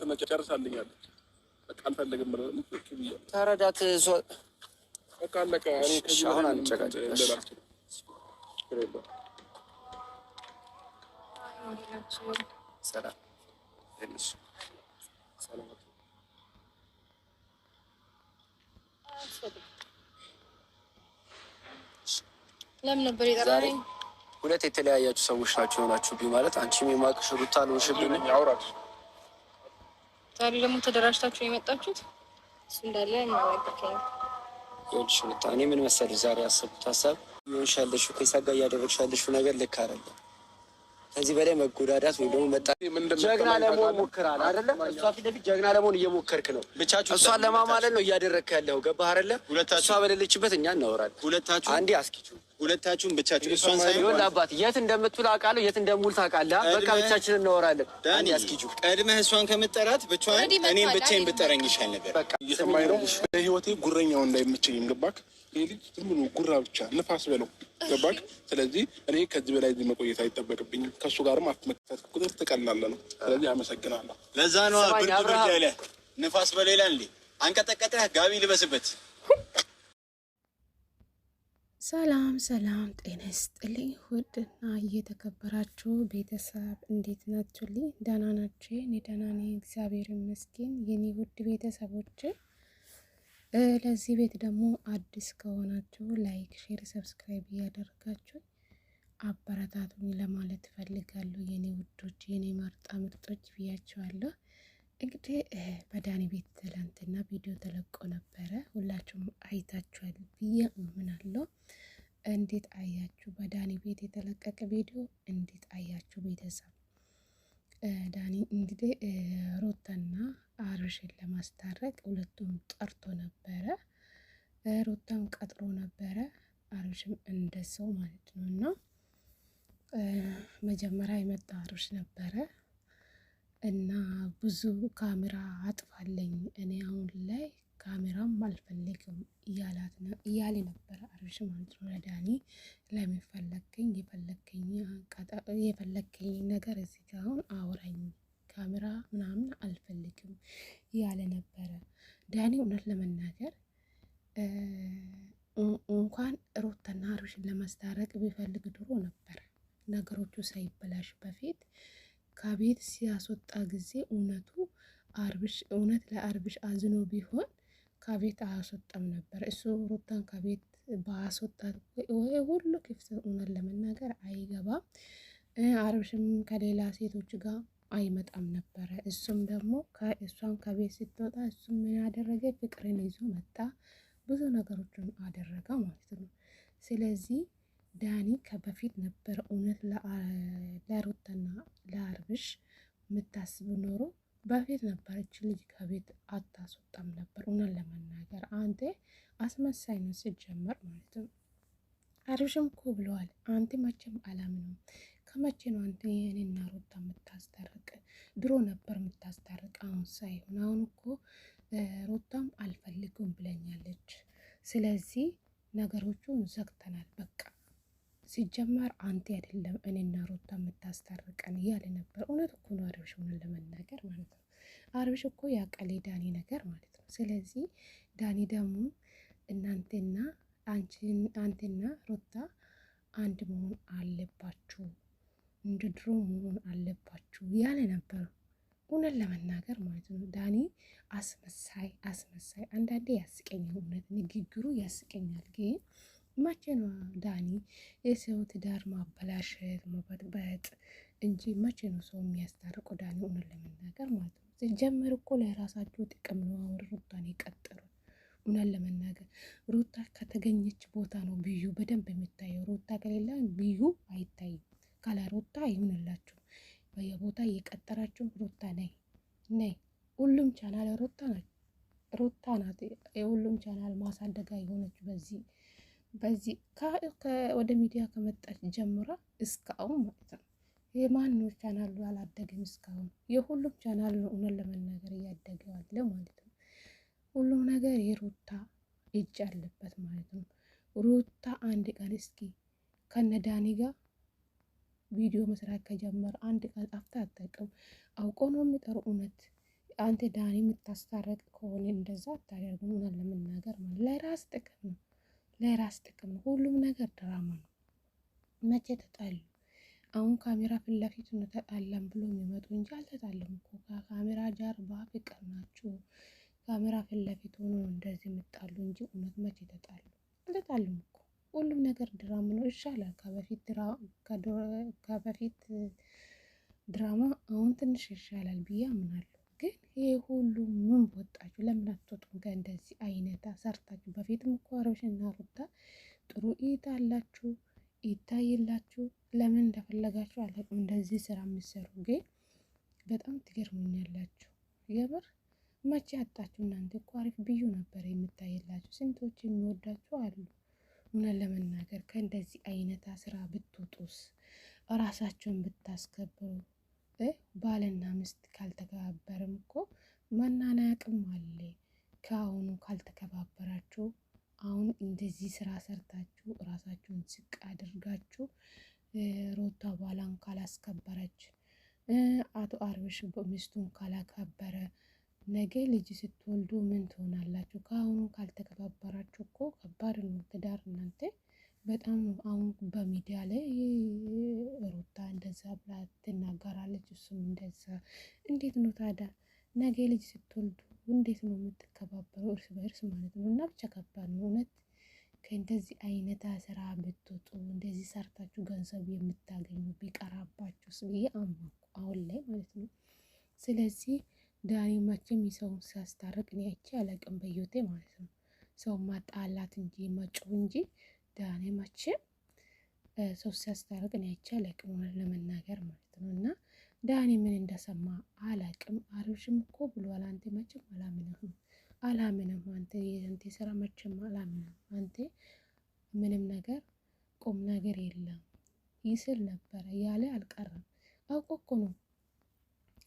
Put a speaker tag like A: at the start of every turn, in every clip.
A: ትናንት ጨርሳልኛለች። በቃ አልፈልግም ብለ ተረዳት። በቃ አለቀ። አሁን አንጨቃጨቅ
B: ለምን ነበር የጠራኸኝ?
C: ሁለት የተለያያችሁ ሰዎች ናቸው የሆናችሁብኝ ማለት አንቺም የማቅሽ ሩታ ነው ሽብኝ አውራችሁ
B: ዛሬ ደግሞ ተደራጅታችሁ የመጣችሁት እሱ እንዳለ እናናገርከኝ
C: ዎች እኔ ምን መሰለሽ፣ ዛሬ ያሰብኩት ሀሳብ ሆንሻለሹ ከይሳ ጋር እያደረግሻለሹ ነገር ልክ አይደለም። ከዚህ በላይ መጎዳዳት ወይ ደግሞ መጣ
A: ጀግና ለመሆን ሞክራል አይደለም። እሷ ፊት ለፊት ጀግና ለመሆን እየሞከርክ ነው። ብቻችሁ እሷን ለማማለል ነው እያደረግክ ያለው። ገባህ አይደለም? እሷ በሌለችበት እኛ እናወራለን። ሁለታችሁ አንዴ አስኪችሁ ሁለታችሁም ብቻችሁ እሷን ሳይሆን አባት የት እንደምትውል አውቃለሁ፣ የት እንደምውል ታውቃለህ። በቃ ብቻችን እናወራለን። ዳኒ አስኪጁ ቀድመህ እሷን ከምጠራት ብቻዋን እኔም ብቻዬን ብጠረኝ ይሻል ነበር። በቃ እየሰማኝ ነው። በህይወቴ ጉረኛው እንዳይመቸኝም ገባክ። ይህ ልጅ ዝም ብሎ ጉራ ብቻ ንፋስ በለው ገባክ። ስለዚህ እኔ ከዚህ በላይ እዚህ መቆየት አይጠበቅብኝም። ከእሱ ጋርም አትመከታት ቁጥር ትቀላለህ ነው። ስለዚህ አመሰግናለሁ። ለዛ ነዋ ብርድ ብርድ ያለ ንፋስ በሌላ እንዴ አንቀጠቀጠህ ጋቢ ልበስበት
D: ሰላም ሰላም፣ ጤና ይስጥልኝ ውድና እየተከበራችሁ ቤተሰብ እንዴት ናችሁልኝ? ደህና ናችሁ? እኔ ደህና ነኝ፣ እግዚአብሔር ይመስገን። የኔ ውድ ቤተሰቦች ለዚህ ቤት ደግሞ አዲስ ከሆናችሁ ላይክ፣ ሼር፣ ሰብስክራይብ እያደረጋችሁ አበረታቱኝ ለማለት ፈልጋለሁ። የኔ ውዶች፣ የኔ መርጣ ምርጦች ብያችኋለሁ። እንግዲህ በዳኒ ቤት ትላንትና ቪዲዮ ተለቆ ነበረ። ሁላችሁም አይታችኋል ብዬ አምናለሁ። እንዴት አያችሁ? በዳኒ ቤት የተለቀቀ ቪዲዮ እንዴት አያችሁ? ቤተሰብ ዳኒ እንግዲህ ሮታና አብርሽን ለማስታረቅ ሁለቱም ጠርቶ ነበረ። ሮታም ቀጥሮ ነበረ፣ አብርሽም እንደሰው ማለት ነው እና መጀመሪያ የመጣ አብርሽ ነበረ እና ብዙ ካሜራ አጥፋለኝ እኔ አሁን ላይ ካሜራም አልፈልግም እያለ ነበረ አብርሽ ማለት ነው። ለዳኒ ለምን ፈለግከኝ? የፈለግከኝ ነገር እዚህ ጋ አሁን አውራኝ ካሜራ ምናምን አልፈልግም እያለ ነበረ ዳኒ። እውነት ለመናገር እንኳን ሩታና አብርሽን ለማስታረቅ ቢፈልግ ድሮ ነበር ነገሮቹ ሳይበላሽ በፊት ከቤት ሲያስወጣ ጊዜ እውነቱ አርብሽ እውነት ለአርብሽ አዝኖ ቢሆን ከቤት አያስወጣም ነበር። እሱ ሩታን ከቤት በአስወጣት ወይ ሁሉ ክፍተት እውነት ለመናገር አይገባም። አርብሽም ከሌላ ሴቶች ጋር አይመጣም ነበረ። እሱም ደግሞ እሷን ከቤት ስትወጣ እሱም ምን ያደረገ ፍቅርን ይዞ መጣ። ብዙ ነገሮችን አደረገ ማለት ነው። ስለዚህ ዳኒ ከበፊት ነበረ እውነት ለሩታና ለአርብሽ የምታስብ ኖሮ በፊት ነበረች ልጅ ከቤት አታስወጣም ነበር። እውነት ለመናገር አንተ አስመሳይ ነው ሲጀመር ማለት ነው። ኮ እኮ ብለዋል። አንተ መቼም አላምንም። ከመቼ ነው አንተ የኔና ሩታ የምታስታርቅ? ድሮ ነበር የምታስታርቅ፣ አሁን ሳይሆን። አሁን እኮ ሩታም አልፈልግም ብለኛለች። ስለዚህ ነገሮቹን ዘግተናል በቃ ሲጀመር አንቴ አይደለም እኔና ሩታ የምታስታርቀን እያለ ነበር። እውነት እኮ ነው አብርሽ፣ ሆነን ለመናገር ማለት ነው አብርሽ እኮ ያቀሌ ዳኒ ነገር ማለት ነው። ስለዚህ ዳኒ ደግሞ እናንተና አንቴና ሩታ አንድ መሆን አለባችሁ፣ እንደ ድሮ መሆን አለባችሁ ያለ ነበር። እውነት ለመናገር ማለት ነው ዳኒ አስመሳይ አስመሳይ፣ አንዳንዴ ያስቀኛል። እውነት ንግግሩ ያስቀኛል ግን መቼ ነው ዳኒ የሰው ትዳር ማበላሸት መበጥበጥ እንጂ መቼ ነው ሰው የሚያስታርቀው? ዳኒ እውነት ለመናገር ማለት ነው ሲጀምር እኮ ለራሳቸው ጥቅም ነው አሁን ሩታን የቀጠሩ። እውነት ለመናገር ሩታ ከተገኘች ቦታ ነው ብዩ በደንብ የሚታየው። ሩታ ከሌላ ብዩ አይታይም። ካላ ሩታ ይሁንላችሁ በየቦታ እየቀጠራችሁ ሩታ ነይ ነይ ሁሉም ቻናል ሩታ ናት። ሩታ ናት የሁሉም ቻናል ማሳደጋ የሆነች በዚህ በዚህ ወደ ሚዲያ ከመጣች ጀምራ እስካሁን ማለት ነው የማነው ቻናሉ አላደገም? እስካሁን የሁሉም ቻናል ነው እውነት ለመናገር እያደገ ያለ ማለት ነው። ሁሉም ነገር የሩታ እጅ አለበት ማለት ነው። ሩታ አንድ ቀን እስኪ ከነዳኒ ጋር ቪዲዮ መስራት ከጀመረ አንድ ቀን አፍታ አታውቅም። አውቆ ነው የሚጠሩ እውነት አንተ ዳኒ የምታስታረቅ ከሆነ እንደዛ አታደርግም። እውነት ለመናገር ማለት ለራስ ጥቅም ነው ለራስ ጥቅም ነው። ሁሉም ነገር ድራማ ነው። መቼ ተጣሉ? አሁን ካሜራ ፊት ለፊት ነው ተጣላም ብሎ የሚመጡ እንጂ አልተጣለም እኮ ከካሜራ ጀርባ ፍቅር ናቸው። ካሜራ ፊት ለፊት ሆኖ እንደዚህ የምጣሉ እንጂ እውነት መቼ ተጣሉ? አልተጣሉም እኮ ሁሉም ነገር ድራማ ነው። ይሻላል ከበፊት ድራማ አሁን ትንሽ ይሻላል ብዬ አምናለሁ። ግን ይህ ሁሉ ምን ወጣችሁ? ለምን አትወጡም? ከእንደዚህ አይነት ሰርታችሁ በፊትም እኮ አብርሽና ሩታ ጥሩ እይታ አላችሁ ይታይላችሁ። ለምን እንደፈለጋችሁ አላውቅም። እንደዚህ ስራ የሚሰሩ ግን በጣም ትገርሙኛላችሁ። የምር መቼ አጣችሁ እናንተ? እኮ አሪፍ ብዩ ነበር የምታይላችሁ። ስንቶች የሚወዳችሁ አሉ። እውነት ለመናገር ከእንደዚህ አይነት ስራ ብትወጡስ ራሳቸውን ብታስከብሩ ባልና ሚስት ካልተከባበርም እኮ መናናቅም አለ። ከአሁኑ ካልተከባበራችሁ አሁን እንደዚህ ስራ ሰርታችሁ እራሳችሁን ስቅ አድርጋችሁ ሮታ ባሏን ካላስከበረች፣ አቶ አርብሽ ሚስቱን ካላከበረ ነገ ልጅ ስትወልዱ ምን ትሆናላችሁ? ከአሁኑ ካልተከባበራችሁ እኮ ከባድ ነው ትዳር እናንተ በጣም አሁን በሚዲያ ላይ ሩታ እንደዛ ብላ ትናገራለች፣ እሱም እንደዛ። እንዴት ነው ታዲያ ነገ ልጅ ስትወልዱ እንዴት ነው የምትከባበረው እርስ በእርስ ማለት ነው? እና ብቻ ከባድ ነው እውነት። ከእንደዚህ አይነት ስራ ብትወጡ እንደዚህ ሰርታችሁ ገንዘብ የምታገኙ ቢቀራባችሁ ብዬ አመንኩ፣ አሁን ላይ ማለት ነው። ስለዚህ ዳኒ መቼም ሰውን ሲያስታርቅ እኔ አይቼ አላቅም በህይወቴ ማለት ነው። ሰው ማጣላት እንጂ መጮህ እንጂ ዳኔ መቼም ሰው ሲያስታርቅ እኔ አይቼ አላቅም ለመናገር ማለት ነው። እና ዳኔ ምን እንደሰማ አላቅም። አብርሽም እኮ ብሏል፣ አንተ መቼም አላምንህም አላምንም አንተ የአንተ ስራ መቼም አላምንም አንተ ምንም ነገር ቁም ነገር የለም ይስል ነበረ ያለ አልቀረም። አውቆ እኮ ነው።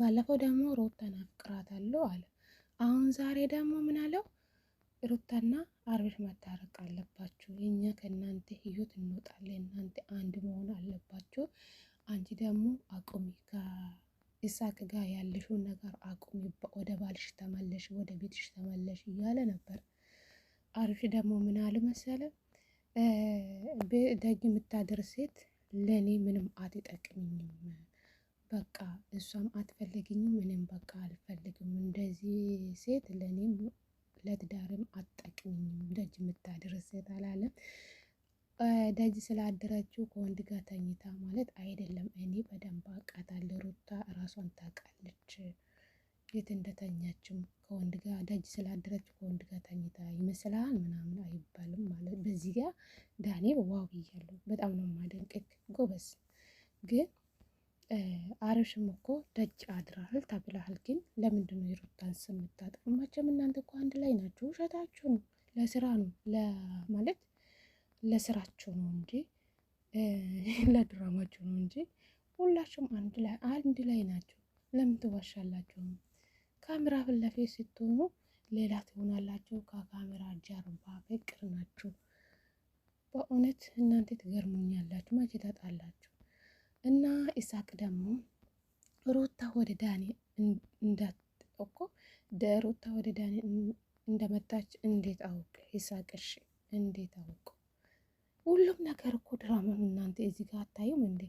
D: ባለፈው ደግሞ ሮታ ናፍቅራት አለው አለ። አሁን ዛሬ ደግሞ ምን አለው? ሩታና አብርሽ መታረቅ አለባችሁ። እኛ ከእናንተ ህይወት እንወጣለን። እናንተ አንድ መሆን አለባችሁ። አንቺ ደግሞ አቁሚ፣ ከኢሳቅ ጋር ያለሽው ነገር አቁሚ፣ ወደ ባልሽ ተመለሽ፣ ወደ ቤትሽ ተመለሽ እያለ ነበር። አብርሽ ደግሞ ምን አለ መሰለ፣ ደጅ የምታደር ሴት ለእኔ ምንም አትጠቅምኝም በቃ እሷም አትፈልግኝም፣ እኔም በቃ አልፈልግም። እንደዚህ ሴት ለእኔም ለትዳርም አጠቅምኝም ደጅ የምታደርስ ሴት አላለም። ደጅ ስላደረችው ከወንድ ጋር ተኝታ ማለት አይደለም። እኔ በደንብ አውቃታለሁ። ሩታ እራሷን ታውቃለች የት እንደተኛችም። ከወንድ ጋር ደጅ ስላደረችው ከወንድ ጋር ተኝታ ይመስላል ምናምን አይባልም ማለት በዚህ ጋር ዳኔ ዋው ብያለሁ። በጣም ነው የማደንቅህ ጎበዝ ግን አረሽም እኮ ደጅ አድራህል ተብለሃል፣ ግን ለምንድን ነው የሩታን ስም የምታጠፉት? መቼም እናንተ እኮ አንድ ላይ ናችሁ። ውሸታችሁ ነው። ለስራ ነው ማለት ለስራችሁ ነው እንጂ ለድራማችሁ ነው እንጂ ሁላችሁም አንድ ላይ አንድ ላይ ናችሁ። ለምን ትዋሻላችሁ? ካሜራ ፊት ለፊት ስትሆኑ ሌላ ትሆናላችሁ። ከካሜራ ጀርባ ፍቅር ናችሁ። በእውነት እናንተ ትገርሙኛላችሁ። መቼ ተጣላችሁ? እና ኢሳቅ ደግሞ ሩታ ወደ ዳኒ እንዳትቆ ሩታ ወደ ዳኒ እንደመጣች እንዴት አውቅ ኢሳቅ? እሺ እንዴት አውቅ? ሁሉም ነገር እኮ ድራማ ነው። እናንተ እዚህ ጋር አታዩም እንዴ?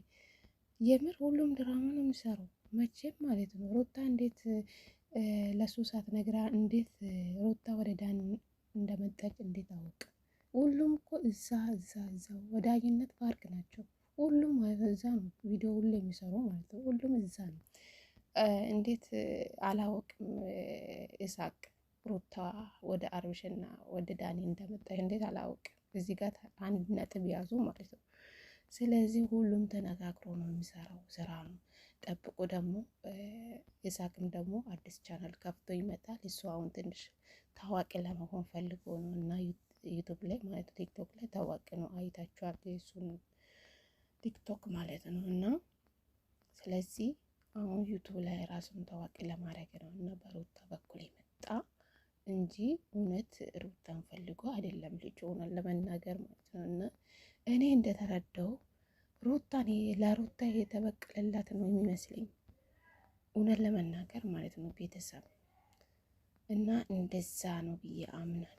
D: የምር ሁሉም ድራማ ነው የሚሰሩ መቼም ማለት ነው። ሩታ እንዴት ለሱ ሳትነግራ እንዴት ሩታ ወደ ዳኒ እንደመጣች እንዴት አውቅ? ሁሉም እኮ እዛ እዛ እዛ ወዳጅነት ፓርክ ናቸው። ሁሉም እዛ ነው ቪዲዮ ሁሉ የሚሰሩ ማለት ነው። ሁሉም እዛ ነው። እንዴት አላወቅም ኢሳቅ ሩታ ወደ አብርሽና ወደ ዳኒ እንደመጣች እንዴት አላወቅም። እዚህ ጋር አንድ ነጥብ ያዙ ማለት ነው። ስለዚህ ሁሉም ተነጋግሮ ነው የሚሰራው ስራ ነው። ጠብቁ ደግሞ ኢሳቅም ደግሞ አዲስ ቻናል ከፍቶ ይመጣል። እሱ አሁን ትንሽ ታዋቂ ለመሆን ፈልጎ ነው እና ዩቱብ ላይ ማለት ቲክቶክ ላይ ታዋቂ ነው። አይታችኋል እሱን ቲክቶክ ማለት ነው እና ስለዚህ አሁን ዩቱብ ላይ ራሱን ታዋቂ ለማድረግ ነው እና በሩታ በኩል የመጣ እንጂ እውነት ሩታን ፈልጎ አይደለም ልጅ ሆኗል ለመናገር ማለት ነው። እና እኔ እንደተረዳው ሩታን ለሩታ የተበቀለላት ነው የሚመስለኝ እውነት ለመናገር ማለት ነው ቤተሰብ እና እንደዛ ነው ብዬ አምናለሁ።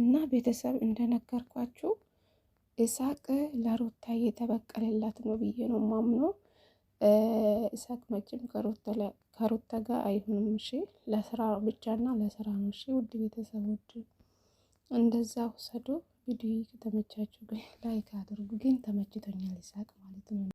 D: እና ቤተሰብ እንደነገርኳችሁ እሳቅ ለሩታ እየተበቀለላት ነው ብዬ ነው ማምነው። ኢሳቅ መቼም ከሩታ ጋር አይሆንም። እሺ ለስራ ብቻና ለስራ ነው። እሺ ውድ ቤተሰቦች እንደዛ ውሰዱ። ቪዲዮ ከተመቻችሁ ላይክ አድርጉ። ግን ተመችቶኛል እሳቅ ማለት ነው።